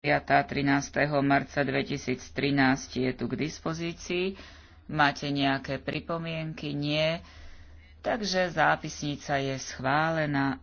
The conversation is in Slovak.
prijatá 13. marca 2013 je tu k dispozícii. Máte nejaké pripomienky? Nie. Takže zápisnica je schválená.